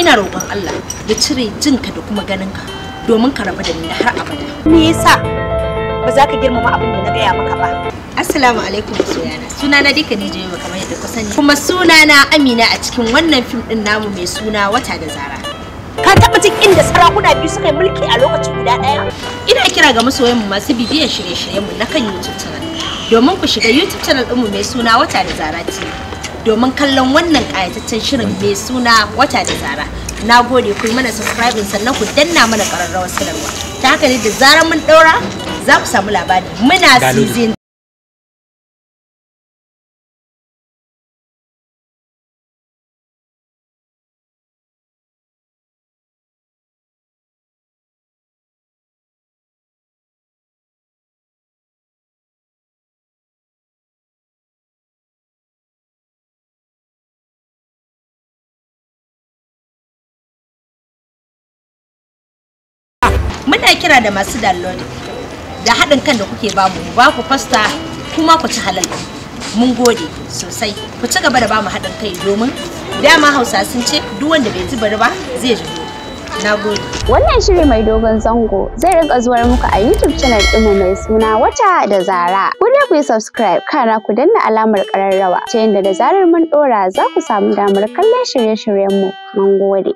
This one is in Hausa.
ina roƙon Allah ya cire jinka da kuma ganinka domin ka rabu da ni har abada me yasa ba za ka girmama abin da na gaya maka ba Assalamu alaikum soyana sunana dai Khadija yau kamar yadda ku sani kuma suna na Amina a cikin wannan fim din namu mai suna wata da zara ka taba jin inda sarakuna biyu suka yi mulki a lokacin guda ɗaya ina kira ga masoyanmu masu bibiyar shirye-shiryenmu na kan YouTube channel domin ku shiga YouTube channel ɗinmu mai suna wata da zara TV domin kallon wannan ƙayataccen shirin mai suna wata da zara na gode ku mana subscribe sannan ku danna mana ƙararrawar sanarwa ta haka ne da zarar mun ɗaura za ku samu labari muna season muna kira da masu download da haɗin kan da kuke bamu ba ku fasta kuma ku ci halal mun gode sosai ku ci gaba da bamu haɗin kai domin dama hausa sun ce duk wanda bai ji bari ba zai ji nagode wannan shiri mai dogon zango zai rinka zuwar muku a youtube channel ɗinmu mai suna wata da zara ku da ku yi subscribe kana ku danna alamar ƙararrawa ta yadda da zarar mun ɗora za ku samu damar kallon shirye-shiryenmu mun gode